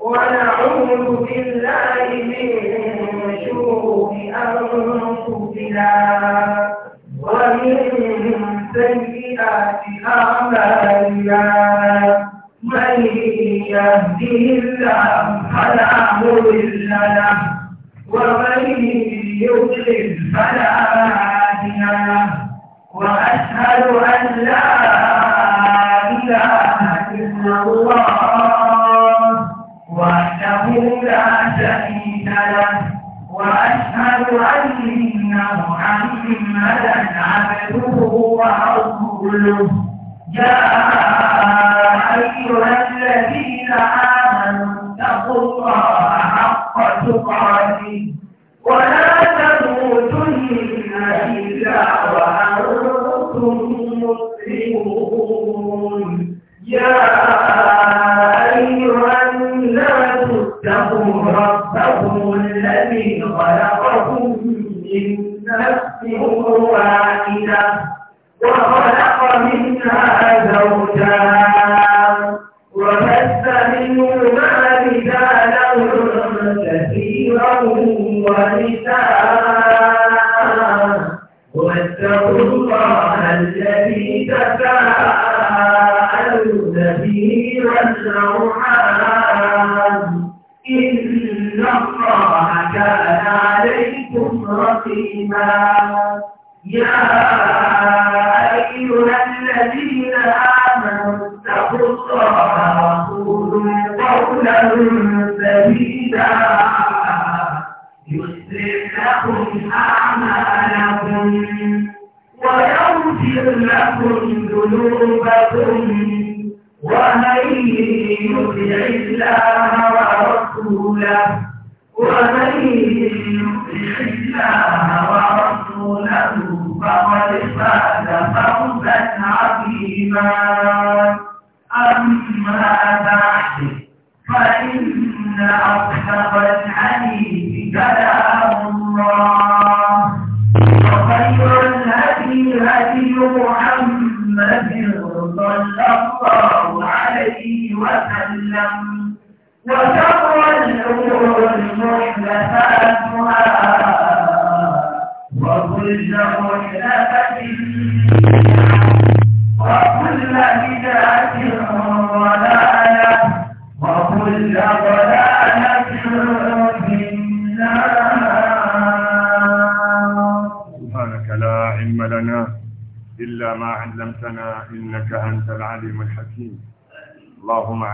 ونعوذ بالله من شرور أنفسنا ومن سيئات أعمالنا من يهده الله فلا مضل له ومن يضلل فلا هادي له وأشهد أن لا إله إلا الله وأنه لا شريك له وأشهد أن محمدا عبده ورسوله يا أيها الذين آمنوا اتقوا الله حق تقاته ولا para o ورسوله ومن يطع الله ورسوله فقد فاز فوزا عظيما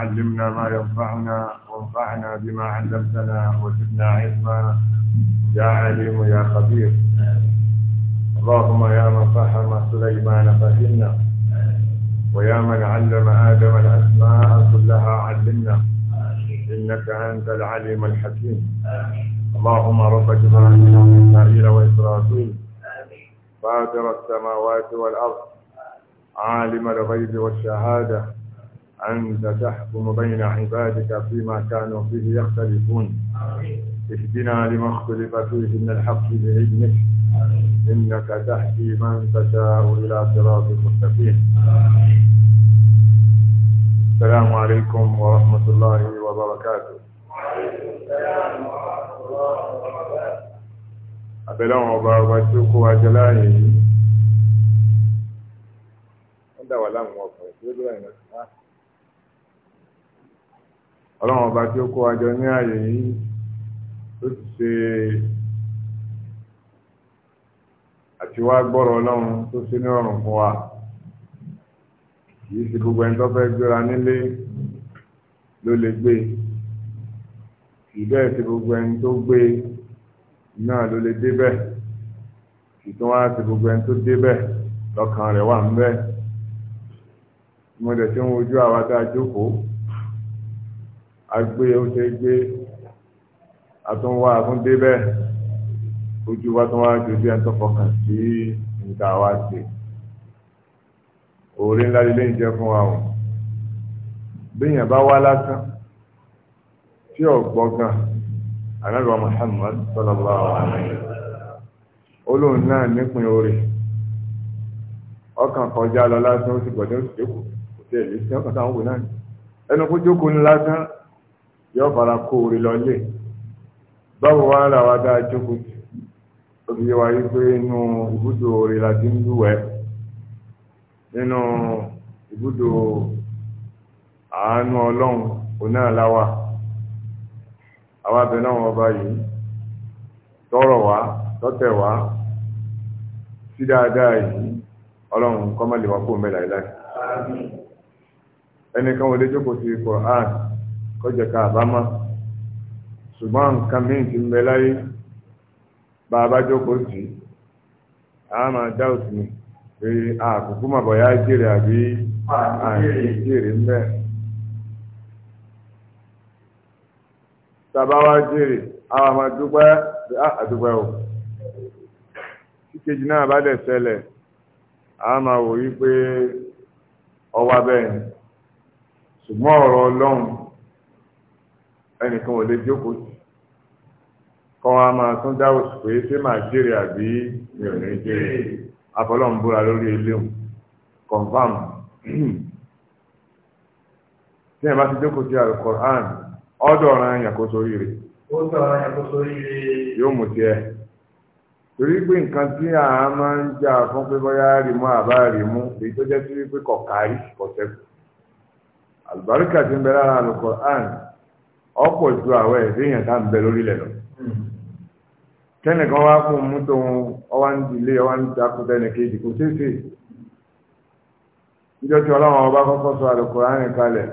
علمنا ما ينفعنا وانفعنا بما علمتنا وزدنا علما يا عليم يا خبير اللهم يا من فهم سليمان فهمنا ويا من علم آدم الأسماء كلها علمنا إنك أنت العليم الحكيم اللهم رب جبرائيل وإسرائيل وإسرائيل فاطر السماوات والأرض عالم الغيب والشهادة أنت تحكم بين عبادك فيما كانوا فيه يختلفون اهدنا لما اختلف فيه من الحق بعلمك إنك تحكي من تشاء إلى صراط مستقيم السلام عليكم ورحمة الله وبركاته السلام ورحمة الله وبركاته أبلغ kó wa jẹ ọlọ́run ọba tí ó kó àjọ ní ààyè yìí ó ti ṣe àti wá gbọ́rọ̀ ọlọ́run tó ṣe ní ọ̀rùn fún wa kìí ṣe gbogbo ẹni tó fẹ́ gbéra nílé ló lè gbé kìí bẹ́ẹ̀ ṣe gbogbo ẹni tó gbé náà ló lè débẹ̀ kìí tó wá ṣe gbogbo ẹni tó débẹ̀ lọ́kàn rẹ̀ wà ń bẹ́ẹ̀ mo dẹ̀ tí ń wojú àwa tá a jókòó agbé oṣù gbé àtúnwá àtúndé bẹ́ẹ̀ ojú wa tó wá dojú ẹ̀ ń tọ́ fọkàn sí níta wá sí òòrè ńlá lílé ń jẹ fún wa o béèyàn bá wá lásán tí ọ̀gbọ́n gan anábìá Muhammad sallallahu alaihi olóhùn náà nípìn orí ọkàn kọjá lọ lásán ó sì gbọ́dọ̀ ó sì jókòó kò tẹ̀lé sí ọkàn táwọn wò náà ẹnu kó jókòó ní lásán yóò fara kó orí lọlé báwo wá là wá dáa jókòó jù òbí wa yí pé inú ibùdó orí la ti ń lúwẹ̀ nínú ibùdó àánú ọlọ́run oná aláwà àwa abẹ náà wọn bá yìí tọrọ wá tọtẹ wá sí dáadáa yìí ọlọ́run kọ́mọ̀lẹ́wà kó mẹ́láìláì ẹnìkan wọlé jókòó sí Kùránì. kọjaka ka ma. sụgbọ nkà mint mbela ye. gba abadwo kọliti. a ma da otu m ee a kukuma bọya jeere abiri a jeere mbẹ. ta bawa jeere awa ma dụgbẹ aa dụgbẹ o. kikeji na-aba dị ise le. a ma wụ i kwe ọwa be. sụgbọ ọrụ ọlọrwụ. ẹnìkan ò lè jókòó sí kọ́ wa máa tún dáwò pé ṣé màá jèrè àbí mi ò ní jèrè afọlọ́nbúra lórí eléhùn confam tí ẹ bá ti jókòó sí alukoran ọ̀dọ̀ ọ̀ràn yàkóso rire yóò mú tiẹ̀ torí pé nǹkan tí a máa ń jà fún pé bóyá rìmú àbá rìmú èyí tó jẹ́ sí pé kọ̀kárí kọ̀tẹ́kù àlùbáríkà ti ń bẹ lára ọ̀pọ̀ ju àwọn ẹ̀sẹ̀ èèyàn tá ń bẹ lórílẹ̀ lọ. kẹ́nìkan wá fún mú tóun ọwá ń dilé ọwá ń takò tẹ́nì kejì kò ṣeéṣe. níjọ́ tí ọlọ́run ọba kọ́kọ́ sọ àlùkùránì kalẹ̀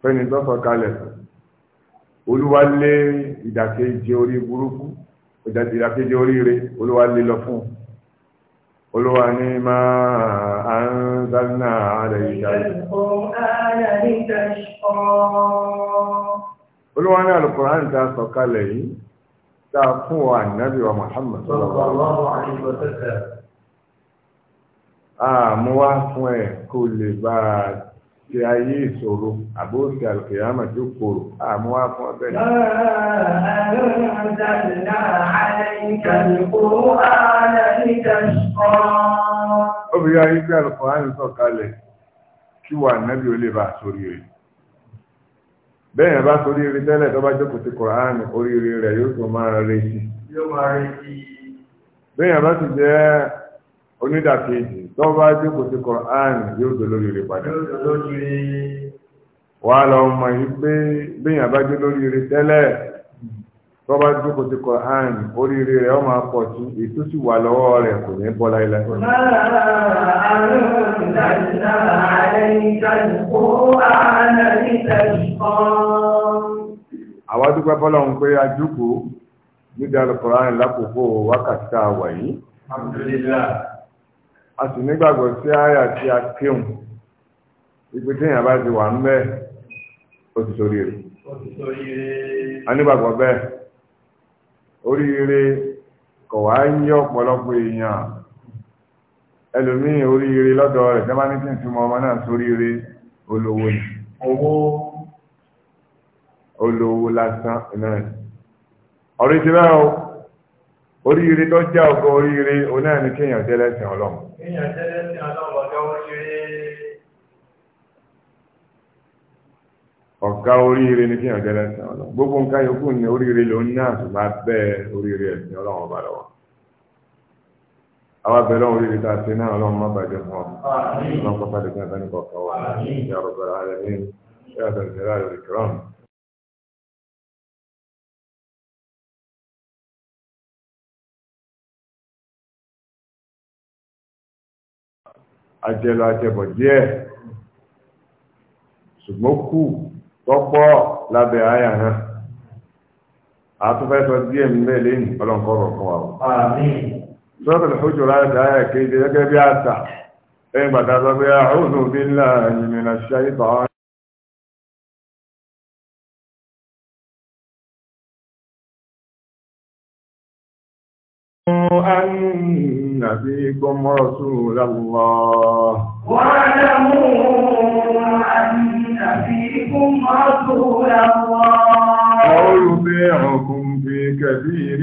fẹ́ni tọ́sọ kalẹ̀ olúwa lé ìdàkejì orí burúkú ìdàkejì oríire olúwa lé lọ fún olúwa ní máa ń dáná àlẹ́ ìdájọ́. Olúwa ní Al-Qur'an ń ta sọ̀kalẹ̀ yìí, ta fún wa Ànábì wa Muhammad sallallahu alaihi wa sallam. Àmú wá fún ẹ̀ kó lè bá ti ayé ìṣòro àbóòsì alkìyàmà tó kòrò àmú wá fún ọbẹ̀ ní. Obìnrin ayé bí Al-Qur'an ń sọ̀kalẹ̀. kí wà nábì ó lè bá sórí bá sórí tẹ́lẹ̀ tó bá jókòó ti oríire rẹ yóò tó máa rẹ̀ bẹ́ẹ̀ yẹn bá ti jẹ́ onídàkejì tó bá jókòó ti yóò tó lórí padà wà lọ mọ̀ yí bá jẹ́ tẹ́lẹ̀ tó bá jókòó ti Qur'an oríire rẹ̀ ó máa pọ̀ sí ètò sì wà lọ́wọ́ rẹ̀ kò ní bọ́ láíláí. àwa dúpẹ́ fọlọ́run pé a jókòó nígbà Qur'an lákòókò wákàtí tá a wà yìí. a sì nígbàgbọ́ sí àyà tí a kéwòn ìpè téèyàn bá ti wà ń bẹ́ẹ̀ ó ti sórí rẹ̀. a nígbàgbọ́ bẹ́ẹ̀ oríire kọ̀ wá ń yí ọ̀pọ̀lọpọ̀ èèyàn ẹlòmíì oríire lọ́dọ̀ rẹ̀ tẹ́ bá ní kí n túmọ̀ ọmọ náà sóríire olówó ni owó olówó lásán iná rẹ̀ ọ̀rọ̀ ti bẹ́ẹ̀ o oríire tó jẹ́ ọgọ́ oríire onáà ní kéèyàn jẹ́ lẹ́sìn ọlọ́run. kéèyàn jẹ́ lẹ́sìn ọlọ́run ọjọ́ oríire. ọ̀gá oríire ní kíyàn jẹ́ lẹ́sìn ọlọ́run gbogbo nǹkan yòókù ní oríire ló ń náà ṣùgbọ́n abẹ́ oríire ẹ̀sìn ọlọ́run ọba lọ́wọ́ àwọn abẹ́ lọ́wọ́ oríire tá a ṣe náà ọlọ́run má bàjẹ́ fún ọ ọlọ́run pápá lè fún ẹ̀fẹ́ nípa ọ̀kan wa ìyá ọ̀rọ̀ ààrẹ ní ìyá ọ̀rọ̀ ìṣẹ̀lẹ̀ ìkìrọ̀n. ajẹ́lọ ajẹ́bọ̀ díẹ̀ ṣùgbọ́n kù tọ́pọ̀ lábẹ́ àyà náà àtúfẹ́ sọ díẹ̀ nílẹ̀ lẹ́yìn ọlọ́nkọ́rọ̀ fún wa o. sọ́tọ̀ láti àyà kéde gẹ́gẹ́ bí sọ pé àhùnù bí ńlá ìmìnà ṣáyé tọ́ إن فيكم رسول الله ويطيعكم في كثير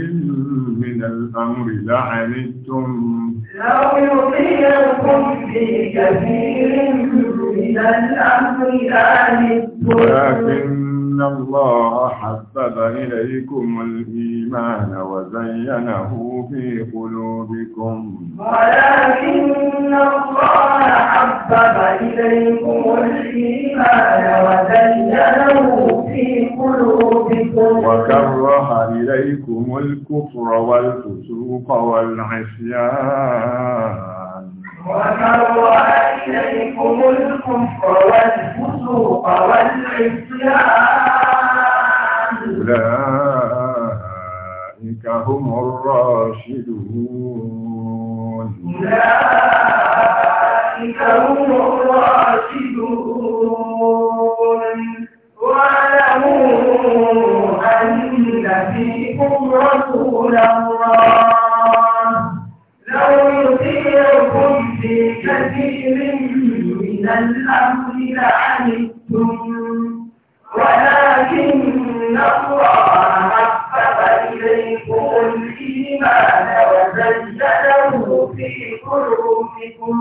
من الأمر لعنتم لو يطيعكم في كثير من الأمر لعنتم إن الله حبب إليكم الإيمان وزينه في قلوبكم ولكن الله حبب إليكم الإيمان وزينه في قلوبكم وكره إليكم الكفر والفسوق والعصيان وكروا إليكم الكفر والفسوق والعصيان أولئك هم الراشدون أولئك هم الراشدون واعلموا أن فيكم رسول الله من الأمر لعنتم ولكن الله حبب إليكم الإيمان وزينه في قلوبكم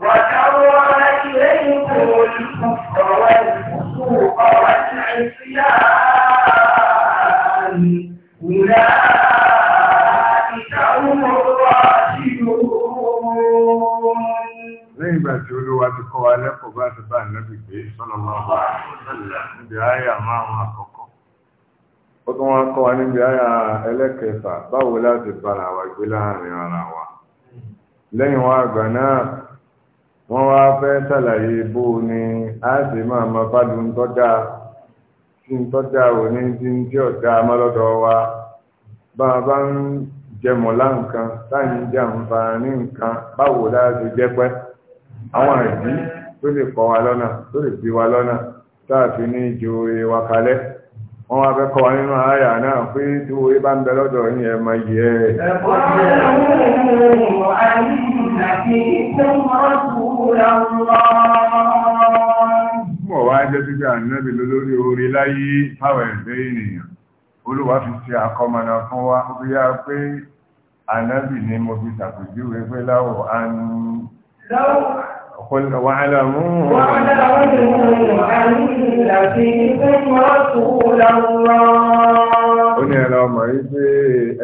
وكره إليكم الكفر والفسوق والعصيان أولئك sallallahu alaihi wasallam aya àyà márùn-ún àkọ́kọ́. ó wa báwo láti wa ara wa lẹ́yìn wá àgbà náà wọ́n wá fẹ́ ṣàlàyé ni a ti ma ma bá lu tí ń tọ́jà ò ní ń a bá ń táyìn àwọn tó lè kọ́ wa lọ́nà tó lè fi wa lọ́nà táàfi ní ju ìwà kalẹ̀ wọ́n wá fẹ́ kọ́ wa nínú àyà náà pé tí owó bá ń bẹ lọ́dọ̀ ní ẹ̀ máa ẹ̀. ẹ̀kọ́ wá jẹ́ sí pé ànábì orí láyé táwọn ẹ̀fẹ́ ènìyàn olúwa fi ṣe àkọmọ̀nà fún wa ó yá pé ànábì ni mo fi ṣàpèjúwe pé láwọ̀ á قل واعلموا واعلموا أن فيكم رسول الله ó ní ẹ̀rọ ọmọ yìí pé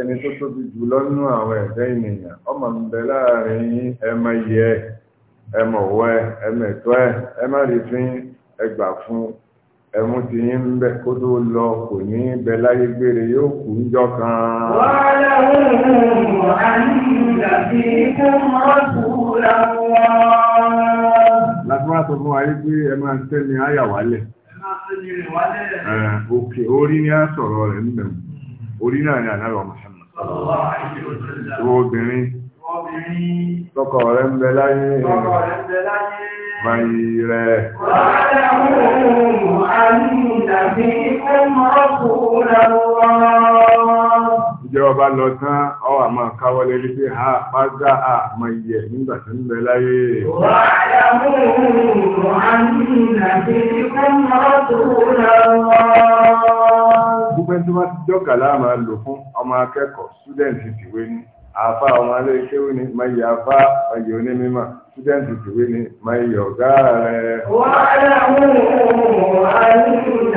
ẹni tó tóbi jù lọ́nú àwọn ẹ̀dẹ́ ènìyàn ọmọ ń bẹ láàrin ẹmọ yẹ ẹmọ wẹ ẹmọ ẹ̀tọ́ ẹ ẹmọ ti yín ń bẹ kó tó lọ kò ní bẹ gbére yóò kú ń jọ kan. wàhálà òun àti ìgbà mọ́ sùúrù làwọn. sọ fún wa yí pé ẹ máa tẹ́ni àyà wálẹ̀ òkè orí ni a sọ̀rọ̀ rẹ̀ nílẹ̀ orí náà ni àná lọ́mọ obìnrin tọkọ rẹ̀ ń bẹ láyé báyìí rẹ̀ ìjọba lọ tán ọwà máa káwọ́lé wípé ha àmọ̀ ìyẹ̀ ń bẹ láyé kàlámà lò fún ọmọ akẹ́kọ̀ọ́ ṣúdẹ̀ǹtì tìwé ní àfa ọmọ aléṣẹ́wé ní mayẹ afá mayẹ onímọ̀ ṣúdẹ̀ǹtì tìwé ní mayẹ ọ̀gá rẹ̀. wà á yà mú àyùn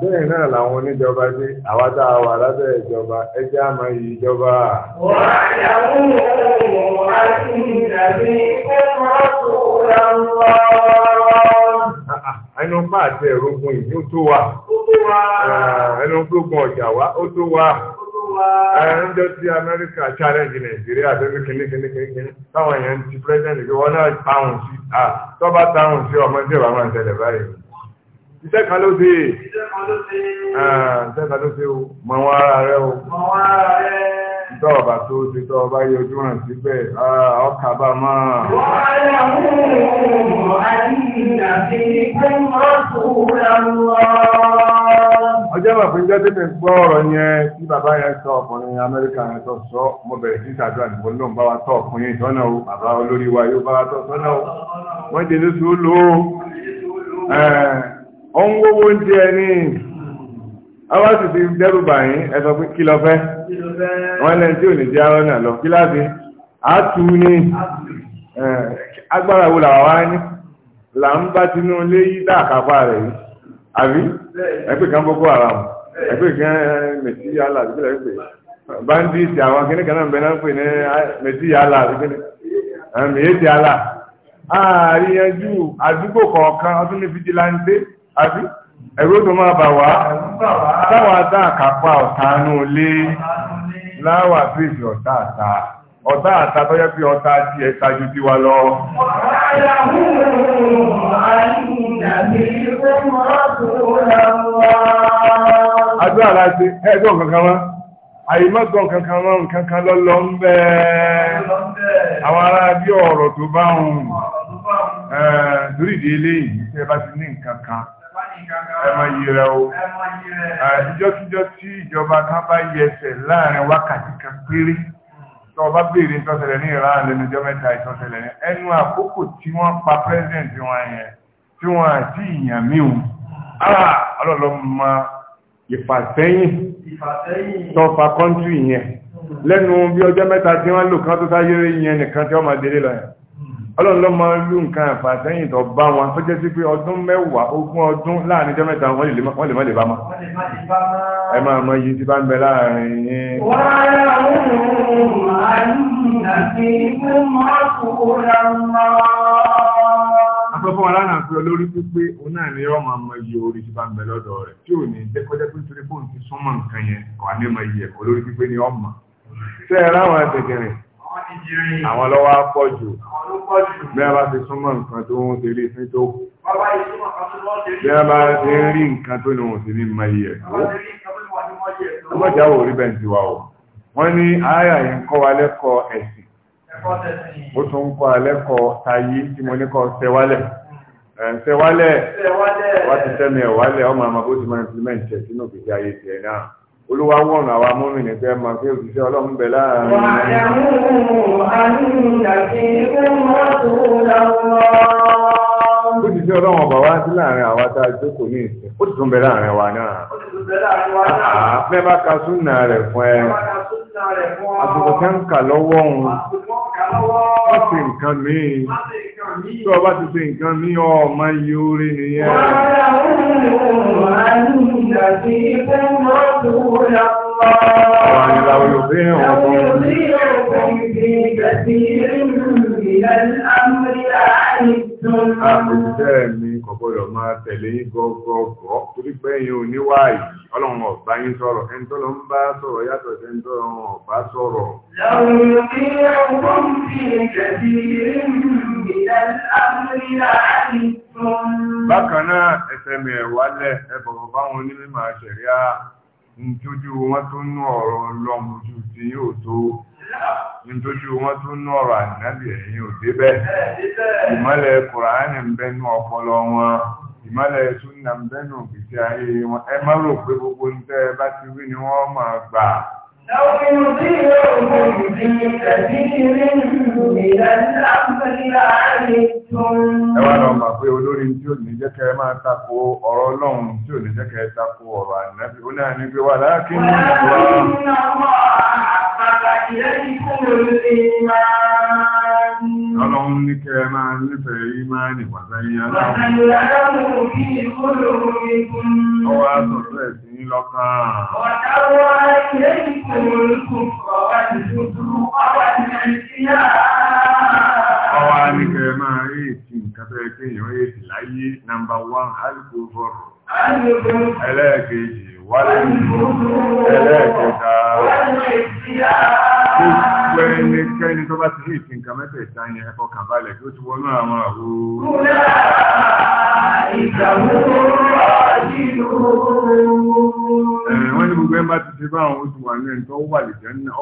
bẹ́ẹ̀ náà làwọn oníjọba dé àwa tá a wà lábẹ́ ìjọba ẹjẹ́ ìjọba. wà á ẹnu pa àti ẹ̀rọ̀gùn ìní ó tó wa ẹnu gbógun ọ̀jà wa ó tó wa ẹnjọ́ ti Amẹ́ríkà challenge Nàìjíríà lórí kìnnìkìnnìkìnnì táwọn èèyàn ti president ìgbé wọn náà táwọn sí à tọ́ba táwọn sí ọmọdé wa máa ń tẹ̀lé báyìí iṣẹ́ kan ló dé iṣẹ́ kan ló dé o mọ wọn ara rẹ o tọ́ ọba tó ti tọ́ ọba yẹ ojú hàn síbẹ̀ ọkà bá máa. wọ́n á yà wúwo àti Ọjọ́ bàbá ìjọ́ tí mi gbọ́ ọ̀rọ̀ yẹn tí bàbá yẹn sọ ọkùnrin Amẹ́ríkà yẹn sọ sọ, mo bẹ̀rẹ̀ sí ìṣàdúrà nìkan lóun bá wa tọ́ ọkùnrin ìtọ́nà o, bàbá olórí wa yóò bá wa tọ́ sọ́nà o. Wọ́n jẹ́ lóṣù ó lò ó. Ó ń wówó ń jẹ ní. Àwọn sì ti dẹ́rù bàyín, ẹ sọ pé kí lọ fẹ́. Wọ́n lẹ́ni tí ò ní jẹ́ arọ́ náà lọ, ni là ń bá tinú ilé yí dáàkápá rẹ̀ yìí àbí ẹgbẹ́ kan boko haram ẹgbẹ́ kan mẹ̀tí yálà àbí kílẹ̀ pé bandits àwọn kíní kan náà bẹ náà pè ní mẹ̀tí yálà àbí kíní mẹ̀yẹ́tì yálà àríyànjú àdúgbò kọ̀ọ̀kan ọdún ní fìdíláńdé àbí ẹ̀rọ tó máa bà wá táwọn adáàkápá ọ̀tá nù lé láwà fèsì ọ̀tá àtà ọ̀tá àta tó yẹ pé ọ̀tá tí ẹ tajú tí wa lọ. Adó àlá ṣe ẹgbọ́n kankan wá, àìmọ́gbọ́n kankan wá nǹkankan lọ́lọ́ ń bẹ́ àwọn ará bí ọ̀rọ̀ tó bá ń lórídìí eléyìí tẹ́ bá ti ní nǹkankan ẹmọ yìírẹ o ìjọ́kíjọ́ tí ìjọba kan bá yẹsẹ̀ láàrin wákàtí kan péré tó ọba béèrè ìtọ́sẹ̀lẹ̀ ní Iran lẹ́nujọ́ mẹ́ta ìtọ́sẹ̀lẹ̀ ní ẹnu àkókò tí wọ́n pa president wọn yẹn tí wọ́n àti ìyàn míhun ara ọlọ́lọ́ ma ìfàsẹ́yìn tó fa kọ́ntì yẹn hmm. lẹ́nu bí ọjọ́ mẹ́ta tí wọ́n lò kán tó sáyé yẹn nìkan tí wọ́n máa délé lọ yẹn ọlọ́run ló máa ń lú nǹkan àfàsẹ́yìn tó bá wọn tó jẹ́ sí pé ọdún mẹ́wàá ogún ọdún láàrin jẹ́ mẹ́ta wọ́n lè má bá ma ẹ máa mọ iye tí bá ń bẹ láàrin yín. wàhálà òun àìmúnà sí ikú mọ́kùnrin náà sọ fún wa lánàá pé olórí pípé òun náà ni yọ́ máa mọ iye orí tí bá ń bẹ lọ́dọ̀ rẹ̀ tí ò ní jẹ́kọ́jẹ́ pé nítorí bóun ti súnmọ́ nǹkan yẹn ni ọmọ. ṣé ẹ ráwọn àwọn lọ́wọ́ pọ̀ jù bí a bá ti súnmọ́ nǹkan tó wọ́n ti rí fún tó bí a bá ti rí nǹkan tó ní wọ́n ti ní mayí ẹ̀ tó mọ́já wò rí bẹ́ẹ̀ ti wà ó wọ́n ní ààyà yìí ń kọ́ wa lẹ́kọ̀ọ́ ẹ̀sìn ó tún ń kọ́ wa lẹ́kọ̀ọ́ tayé tí mo ní kọ́ sẹ́wálẹ̀ sẹ́wálẹ̀ wá ti sẹ́mi ẹ̀wálẹ̀ ọmọ àmọ́ bó ti máa implement ẹ̀ sínú òkèjì ayé tiẹ̀ náà olúwa ń wọ̀nà àwa múmi nìkẹ́ máa fi òṣìṣẹ́ ọlọ́run bẹ̀ láàrin. wà á yàmú àyùndàbí fún mọ́tò lọ́wọ́. òṣìṣẹ́ ọlọ́run ọba wá sí láàrin àwa tá a jókòó ní ìsìn ó sì tún bẹ tẹ́ ń kà lọ́wọ́ òun. má ṣe nǹkan míì. tó o bá ti nǹkan míì ọmọ yìí ó rí nìyẹn. wà رسول الله وأن لو يطيعكم في كثير من الأمر لعنتم àpèjẹ́ mi kò gbọ́dọ̀ máa tẹ̀lé yín gọ́gọ́gọ́ torí pé yín ò ní wáyé ọlọ́run ọ̀bá yín sọ̀rọ̀ ẹni tó lọ ń bá sọ̀rọ̀ yàtọ̀ sí ẹni tó lọ ń ọ̀bá sọ̀rọ̀. lọ́run ní ọgbọ́n fi ìjẹ̀bi rí mi ìdá bákan náà ẹsẹ̀ mi ẹ̀ wálẹ̀ ẹ bọ̀wọ̀ báwọn onímọ̀ àṣẹ̀ríà ntójú wọn tó nú ọ̀rọ̀ ọlọ́run ju ti yóò tó ntójú wọn tó nú ọ̀rọ̀ ànábì ẹ̀yìn ò débẹ̀ ìmọ́lẹ̀ kùránì ń bẹ́nu ọpọlọ wọn ìmọ́lẹ̀ súnà ń bẹ́nu òkìtì ayé wọn ẹ má rò pé gbogbo ń tẹ́ ẹ bá ti wí ni wọ́n máa gbà لو يضيعهم في من الأمر لعنتم ẹ wá lọ mà pé olórí tí ò ní jẹ́ kẹ́ máa tako ọ̀rọ̀ ọlọ́run tí ò ní jẹ́ kẹ́ tako ọ̀rọ̀ ànábì ó náà ní pé wà láàkí ní ìwà ọlọ́run ní kẹ́ máa nífẹ̀ẹ́ ìmáànì wàtàyí aláwọ̀ ọwọ́ àtọ̀tọ̀ ẹ̀sìn lọ́kàn الملك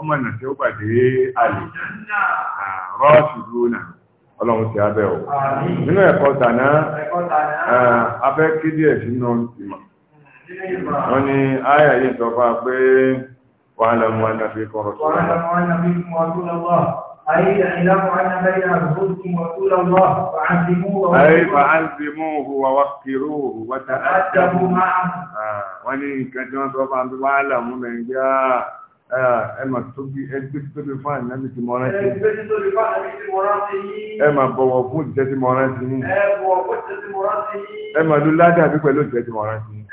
mọ̀nà tí ó pàdé àlè rọ́ọ̀sì lónà ọlọ́run ti abẹ́ ọ̀ nínú ẹ̀kọ́ tàná afẹ́ kí díẹ̀ sínú ìmọ̀ wọ́n ní ayà yìí sọ fún wa pé wà á lọ mú ẹ̀nà fi kọ́ rọ̀tún lọ́wọ́ Ayé fa'ánzimuhu wa wakiruhu wata ajabu ma'a. Wọ́n ní nǹkan tí wọ́n sọ fún wa ń bí wà á lọ mú Nàìjíríà ẹmà tóbi ẹgbẹ́ tóbi fún ànábì tí mo rántí. ẹgbẹ́ tóbi fún ànábì tí mo rántí yìí. ẹmà bọ̀wọ̀ fún ìjẹ́ tí mo rántí yìí. ẹ bọ̀wọ̀ fún pẹ̀lú ìjẹ́ tí mo rántí yìí.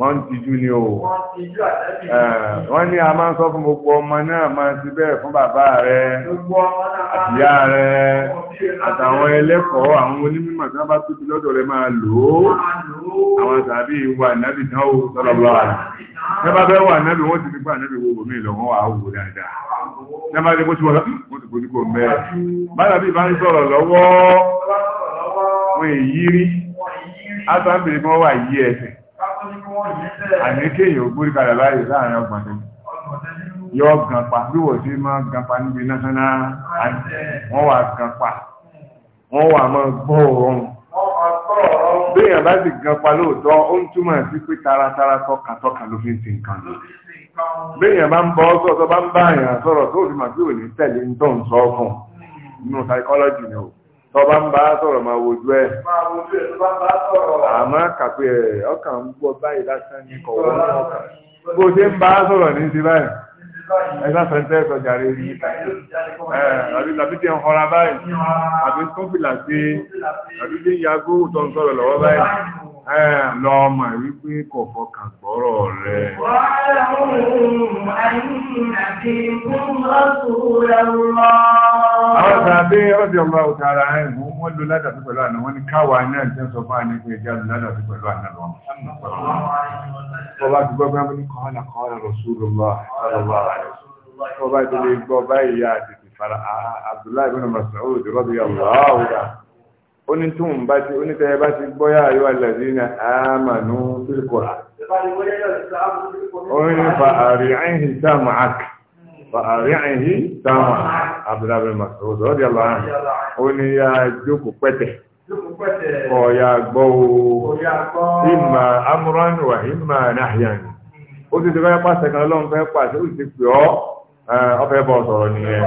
wọ́n ti jú ni o wọ́n ní a máa ń sọ fún gbogbo ọmọ náà máa ti bẹ́ẹ̀ fún bàbá rẹ̀ àtìyá rẹ̀ àtàwọn ẹlẹ́kọ̀ọ́ àwọn onímọ̀ tí wọ́n bá tóbi lọ́dọ̀ rẹ̀ máa lò ó àwọn tàbí ìwà nábì náà ó sọ́lọ́lọ́ àrẹ̀ nígbà bẹ́ẹ̀ wà nábì wọ́n ti fi gbà nábì wo mi lọ wọ́n wà á wò dáadáa nígbà tí wọ́n ti wọ́n ti gbójú kò mẹ́ẹ̀ bá tàbí ìbá ń sọ̀rọ̀ lọ́wọ́ wọn èyí rí àtàbí wọn wà yí àní kéèyàn ògbórí kalẹ̀ báyìí láàrin ọgbọ̀n tó yọ gan pa bí wọ́n ti máa gan pa níbi náṣánná wọ́n wà gan pa wọ́n wà máa gbọ́ ọ̀run béèyàn bá sì gan pa lóòótọ́ ó ń túmọ̀ sí pé taratara tọkàtọkà ló fi ń ti nǹkan lọ béèyàn bá ń bọ́ sọ́tọ́ bá ń bá àyàn sọ̀rọ̀ tó fi mà sí òní tẹ̀lé ń tó ń sọ fún un nínú hmm. psychology ni o tọba ń bá sọ̀rọ̀ máa wojú ẹ̀. máa wojú ẹ̀ tó bá ń bá sọ̀rọ̀. àmọ́ kàpé ẹ̀ ọkàn ń gbọ́ báyìí lásán ní kọ̀wọ́ ní ọkàn. bó ṣe ń bá sọ̀rọ̀ ní ti báyìí. ẹ sáfẹ́ ń tẹ́sọ̀ jàre rí. àbí tàbí tí ń họra báyìí. àbí tó fìlà sí i. àbí tí ń yagó tó ń sọ̀rọ̀ lọ́wọ́ báyìí lọ ọmọ wípé kò fọkàn gbọ́rọ̀ rẹ̀. Àwọn tàbí ọdí ọmọ òtàrà ẹ̀mù wọ́n lò ládàtí pẹ̀lú àná wọ́n ni káwà náà jẹ́ sọ fún àní pé ìjáàlù ládàtí pẹ̀lú àná lọ. Bọ́bá ti gbọ́gbá mú ní kọ́ọ̀lá kọ́ọ̀lá Rasulullah sallallahu alaihi wasallam. Bọ́bá ti lè gbọ́ báyìí yá àti ìfara Abdullahi bin Mas'ud radiyallahu onítùn ba ti onítẹ̀yẹ ba ti gbọ́yà ayọ́ alẹ́dínà àmànú fílkùrà. Orin ni fàárí àìhì sáàmù àkì. Fàárí àìhì sáàmù Abdullahi Mas'ud rọ́dí Allah. Ó ní ya jókòó pẹ́tẹ̀. Kọ̀ọ̀yà gbọ́ o. Ìmà Amúrán wà ìmà Nàhíyàn. Ó ti ti fẹ́ pàṣẹ kan lọ́n fẹ́ pàṣẹ ó ti pè ọ́. Ọ̀fẹ́ bọ̀ sọ̀rọ̀ nìyẹn.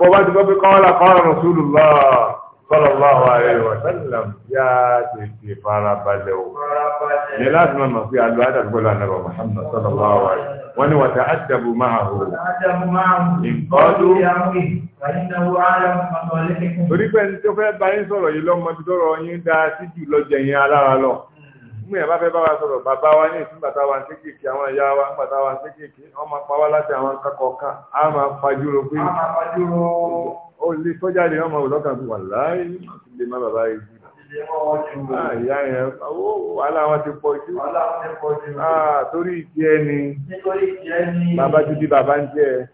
Bọ́ ti gbọ́ pé kọ́ńlá kọ́ńlá Rasulullah. sallallahu alaihi wa sallam yá tètè farabalẹ̀ o. ní láti máa mọ̀ pé àlọ́ àdàgbọ́ lọ àná Muhammad sallallahu alaihi wọ́n ní wọ́n ta àdàbò máa hò. ìkọ́dù torí pé ní tó fẹ́ bá yín sọ̀rọ̀ yìí lọ́mọdé tọrọ bí ẹ̀ bá fẹ́ bá wa sọ̀rọ̀ bàbá wa ní ìsúnbàtà wa kéékèèké àwọn ìyá wa ńgbàtà wa kéékèèké wọ́n máa pa wá láti àwọn kakọ̀ kan á máa fajúro pé ó lè sọ́jáde wọ́n máa wò lọ́kàn tó wà láàyè láti lè má bàbá yìí jù. Ah, ìyá yẹn owó wàhálà wọn ti pọ̀ jù. Ah, torí ìjẹ́ ni bàbá ti di bàbá ń jẹ́ ẹ.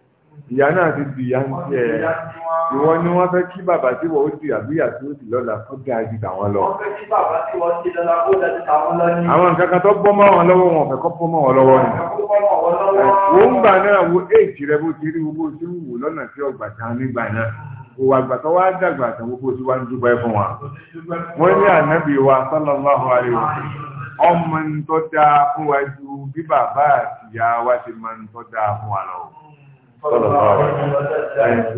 ìyá náà ti di ìyá ń jẹ ẹ ni wọ́n fẹ́ kí bàbá tí wọ́n ó di àbíyà tí ó di lọ́la ti lọ́la kó dáa ju tàwọn lọ àwọn nǹkan tó bọ́ mọ́ wọn lọ́wọ́ wọn fẹ́ kọ́ bọ́ mọ́ wọn lọ́wọ́ ni. wo ń gbà náà wa. wọ́n ní ànábì wa ọmọ fún wa ju bí bàbá àtìyá wa ti máa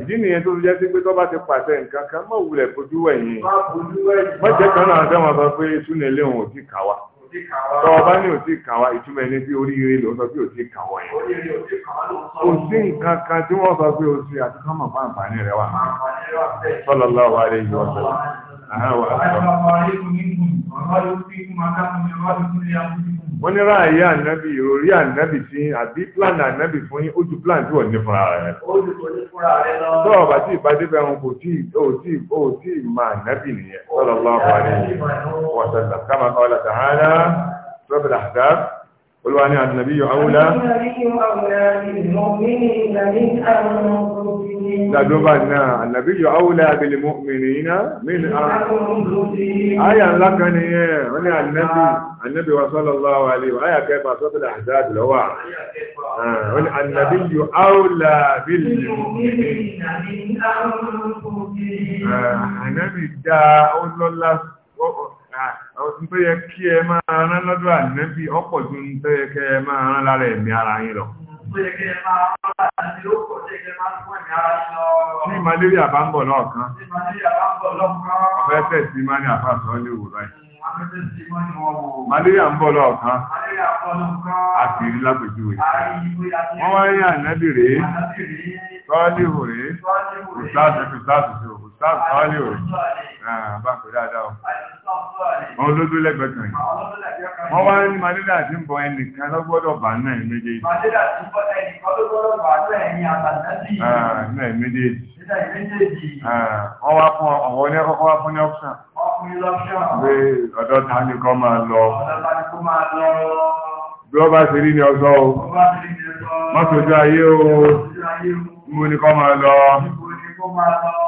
ìdí nìyẹn tó jẹ́ sí pé tó bá ti pàṣẹ nǹkan kan mọ̀ wulẹ̀ fojú ẹ̀yìn mọ̀jẹ̀ kan náà sẹ́wọ̀n sọ pé ìtúnú ilé òun ò tí kà wá tọ́ ọba ní ò tí kà wá ìtumọ̀ ẹni tí oríire ló sọ pé wọ́n ní ráàyè ànábì ìròrí ànábì tí àbí plan ànábì fún yín ojú plan tí wọ́n ní fúnra rẹ̀ lọ. tó ọ̀bà tí ìbádé bẹ wọn kò tí ò tí ma ànábì nìyẹn sallallahu alaihi wa sallam kama qala ta'ala rabbil ahzab olúwa ní àdínàbí yọ àwúlá dàdúbà náà àdínàbí yọ àwúlá abìlìmọ̀ mìírànà mìírànà ayà ńlá kan ní ẹ̀ wọ́n ní àdínàbí àdínàbí wa sọ́lọ́lọ́ wa lè wọ́n ayà kẹfà sọ́tọ̀lá àdáàdì lọ́wà wọ́n ní àdínàbí yọ àwúlá òun tó yẹ kí ẹ máa rán lọ́dọ̀ ànẹ́bí ọ̀pọ̀ ju ní tó yẹ kí ẹ máa rán lára ẹ̀mí ara yín lọ. Ní malaria bá ń bọ̀ lọ́ọ̀kan. Ọ̀fẹ́ tẹ̀sí máa ní àfàsọ́ mm, ní òwúrọ̀ yìí. Malaria ń bọ̀ lọ́ọ̀kan. Àti ìrí lápèjúwe. Wọ́n wá rí ànẹ́bì rèé. Tọ́líhù rèé. Kùsáàsì kùsáàsì sí òwúrọ̀. Sáàbù sọ́ọ́lì ò rí. Bá kò dáadáa o. Wọ́n lójú lẹ́gbẹ̀ẹ́ kan. Wọ́n wá ní Màdídà tí ń bọ ẹnìkan lọ́gbọ́dọ̀ bà náà ẹ̀ méjèèjì. Màdídà tí ń bọ ẹnìkan lọ́gbọ́dọ̀ bà náà ẹ̀yìn àtàlẹ́jì. Ah, náà ẹ̀ méjèèjì. Ah, wọ́n wá fún ọ̀wọ́ ní ọkọ̀ wá fún ní ọ́pṣà. Pé ọ̀dọ́ ta ni kọ́ máa lọ. Bí wọ́n bá ti rí ni ọ̀sọ́ o. Mọ́tò ojú ayé o. Mo ní kọ́ máa lọ. Mo ní kọ́ máa lọ.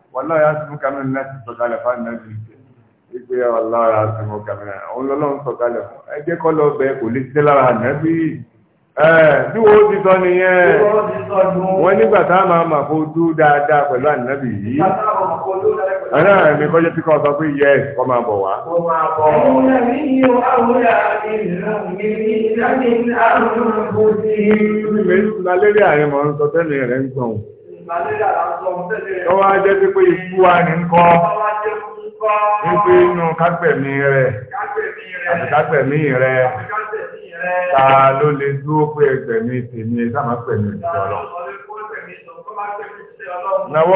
wàláyà sínú kàmínà láti sọ̀kalẹ̀ fáńdàbí ìpè wàláyà sínú kàmínà òun lọ́lọ́run sọ̀kalẹ̀ fún ẹ jẹ́ kọ́ lọ bẹ kò lè ṣe lára ànábì bí wo ti sọ nìyẹn wọ́n nígbà tá a máa máa fojú dáadáa pẹ̀lú ànábì yìí ẹ̀rọ ẹ̀mí kọjá tí kò sọ pé yẹ kọ́ máa bọ̀ wá. Ìgbésùn lálẹ́ rí àárín mọ̀ ń sọ tẹ́lẹ̀ rẹ̀ ń gbọ̀n. tó wá jẹ́ sí pé ikú wa ní ń kọ́ wípé inú kágbẹ̀mí rẹ̀ àti kágbẹ̀mí rẹ̀ ta ló lè dúró pé ẹgbẹ̀mí tèmi sáàmà pẹ̀lú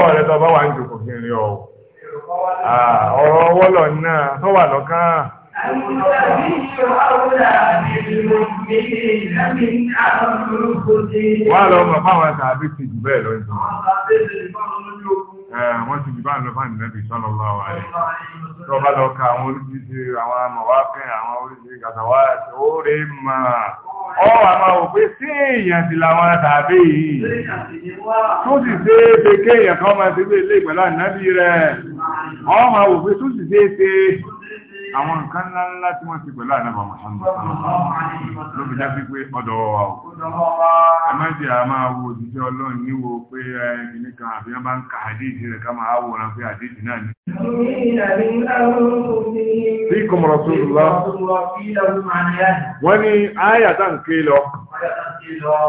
ọ̀rẹ́ tó bá wà ń jòkó kí n rí ọ ọ̀rọ̀ ọwọ́lọ̀ náà tó wà lọ́kàn Wọ́n lọ fáwọn ẹ̀sà àbí ti jù bẹ́ẹ̀ lọ ìtàn. Wọ́n ti jù lọ fáwọn ìrẹ́bì sọ́nà lọ àwọn ààrẹ. bá lọ ka àwọn àwọn àwọn máa. Ọ àmà sí èèyàn ti làwọn tàbí kéèyàn àwọn nǹkan ńlá ńlá tí wọ́n ti pẹ̀lú ànábà Muhammad ló fi já sí pé ọ̀dọ̀ wa o ẹ má jẹ́ a máa wo òjíṣẹ́ ọlọ́run níwo pé ẹni kan àbí wọ́n bá ń ka àdéhìí rẹ̀ ká máa wòran pé àdéhìí náà ni. bí kòmọ̀rọ̀ tó lù lọ wọ́n ní àyà tá ń ké lọ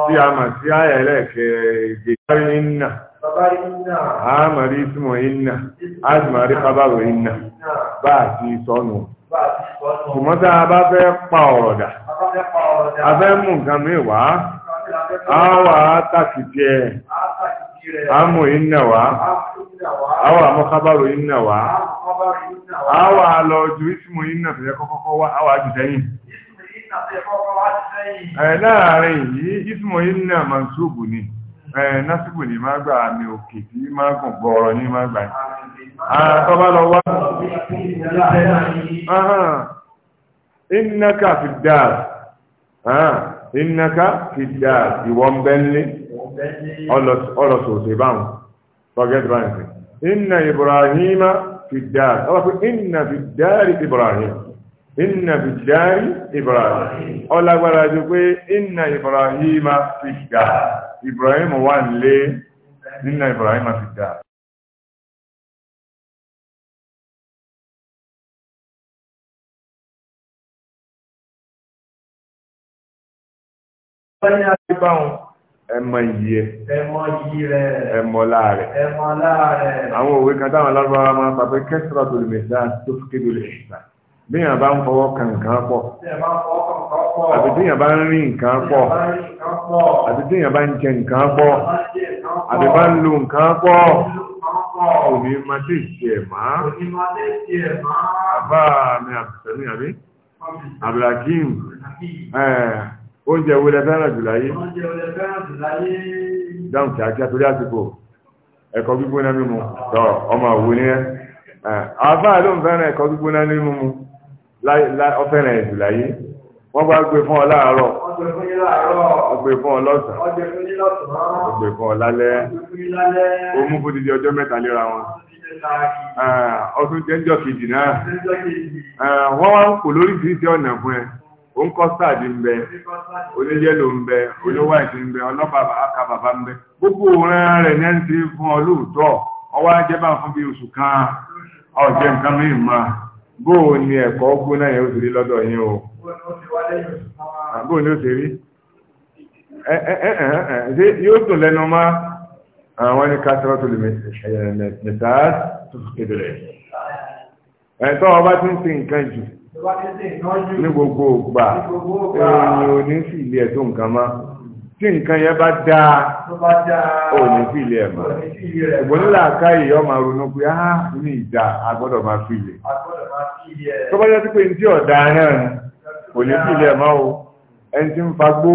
bí a mà sí àyà ẹlẹ́ẹ̀kẹ́ ìgbéjáwé náà. Àmàrí ìtumọ̀ iná, àmàrí kábàrò iná, bá sọ́nù. ṣùgbọ́n a bá fẹ́ pa ọ̀rọ̀ dà a fẹ́ mú nǹkan mi wá a wà á tàkìtì ẹ̀ a mú iná wá a wà mú kábàrò iná wá a wà lọ ju ìsìmù iná tó kọ́kọ́kọ́ wá a wà á ẹ̀ láàárín yìí iná ni násìkò ní gbà ní ìnáka fi dáa ìnáka fi dáa ìwọ̀n bẹ́ẹ̀ni ọlọ́sọ̀ọ̀sẹ̀ báwọn forget bank inna ibrahima fi dáa ọlọ́ pé inna fi dáa ibrahim inna fi dáa ibrahim ọlágbára ju pé inna ibrahima fi dáa ibrahim wà nílé inna ibrahima fi dáa. Lẹ́yìn àríbá wọn, ẹmọ iyì ẹ. Ẹmọ iyì rẹ̀. Ẹmọ láàrẹ̀. Ẹmọ láàrẹ̀. Àwọn òwe kan táwọn lọ́rọ̀ máa ń pa pé kẹ́sìrọ̀ tó lè dá tó kéde lè ṣìṣà. Béèyàn bá ń fọwọ́ kan nǹkan pọ̀. Àbí téèyàn bá ń rí nǹkan pọ̀. Àbí téèyàn bá ń jẹ nǹkan pọ̀. Àbí bá ń lo nǹkan Òní máa dé ìṣe máa. Òní máa dé ìṣe máa. Bàbá mi àbùsẹ̀ mi àbí? Abdulhakeem oúnjẹ wo lẹ fẹ́ràn jù láyé dáhùn kí akíá torí àsìkò ẹ̀kọ́ gbígbóná mímu tọ ọmọ òwò ní ẹ àbá ló ń fẹ́ràn ẹ̀kọ́ gbígbóná mímu ọfẹ́ràn ẹ̀ jù láyé wọ́n bá gbé fún ọ láàárọ̀ ọgbẹ́ fún ọ lọ́sàn ọgbẹ́ fún ọ lálẹ́ òmù fún dídí ọjọ́ mẹ́ta léra wọn ọtún jẹ́ńjọ́ kejì náà wọ́n wá ń kò lórí ti ọ̀nà fún ẹ onkọsáàdì ń bẹ oníyẹlò ń bẹ oníwáìtì ń bẹ ọlọ́bàbà akabàbà ń bẹ gbogbo òun rẹ̀ ní ẹni tí fún ọ lóòótọ́ ọwọ́ ajẹ́bà fún bí oṣù kan ọ̀jẹ́ nǹkan mìíràn máa bóò ni ẹ̀kọ́ gbóná yẹn ó sì rí lọ́dọ̀ yín o bóò ni ó sì rí yóò dùn lẹ́nu mọ́ àwọn ní kásírọ́tò lè mẹ́tàá tó fi kéde rẹ̀ ẹ̀tọ́ ọba tí ń sin nǹkan jù ní gbogbo ògbà èèyàn ò ní sí ilé ẹ̀ tó nǹkan mọ́ tí nǹkan yẹn bá dáa ò ní sí ilé ẹ̀ mọ́ ṣùgbọ́n nílà ká yìí ọmọ ronú pé á ní ìjà a gbọ́dọ̀ máa fi ilé tó bá yẹ sí pé ní tí ọ̀dà náà kò ní sí ilé ẹ̀ mọ́ o ẹni tí ń fagbó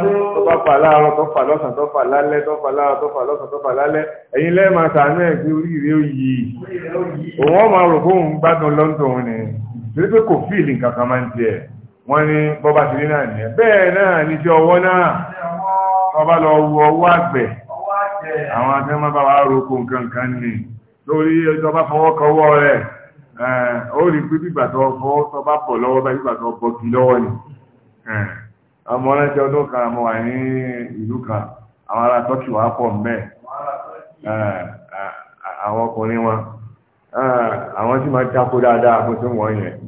tó bá fà láàárọ̀ tó fà lọ́sàn tó fà lálẹ́ tó fà láàárọ̀ tó fà lọ́sàn tó fà lálẹ́ ẹ̀yin lẹ́ẹ̀ máa sàánú ẹ̀ pé oríire ó yí òun ọmọ rò fóun gbádùn lọ́ńtò òun nìyẹn torí pé kò fíìlì nǹkan kan máa ń tiẹ̀ wọ́n ní bọ́bá ti rí náà nìyẹn bẹ́ẹ̀ náà ní ti ọwọ́ náà ọba lọ wọ ọwọ́ àgbẹ̀ àwọn akẹ́mọ́ bá wà roko nǹkan kan ní lórí ẹjọ́ bá fọwọ́ kọwọ́ rẹ̀ ó rí pé bígbà tó fọwọ́ tó bá pọ̀ lọ́wọ́ bá bígbà tó bọ́ kí lọ́wọ́ ni ọmọ ọlọ́jọ́ ọdún kan mo wà ní ìlú kan àwọn ará tọ́kì wà pọ̀ mẹ́ẹ̀ àwọn ọkùnrin wọn àwọn tí máa dákó dáadáa kó tó wọ́n yẹn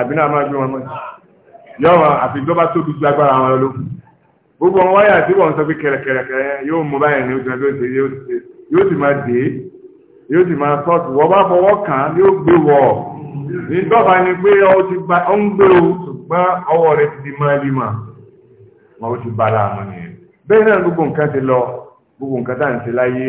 àbí náà máa gbé wọn mọ́ yọ̀wọ̀n àfi gbọ́bá tó dúdú agbára wọn ló gbogbo wọn wáyà tí wọ́n sọ pé kẹ̀rẹ̀kẹ̀rẹ̀ yóò mú báyìí ní ojú ọjọ́ ìṣe yóò sì máa dé yóò sì máa sọ́ọ̀tù wọ́n bá fọwọ́ kàn án yóò gbé wọ̀ ní dọ́ba ni pé ọ ti gba ọ ń gbé o ṣùgbọ́n ọwọ́ rẹ ti di mọ́ẹ́límà wọn ó ti bá láàmú nìyẹn bẹ́ẹ̀ náà gbogbo nǹkan ti lọ gbogbo nǹkan tá à ń ṣe láyé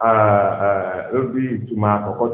ló ah, ah, bí ìtumọ̀ àkọ́kọ́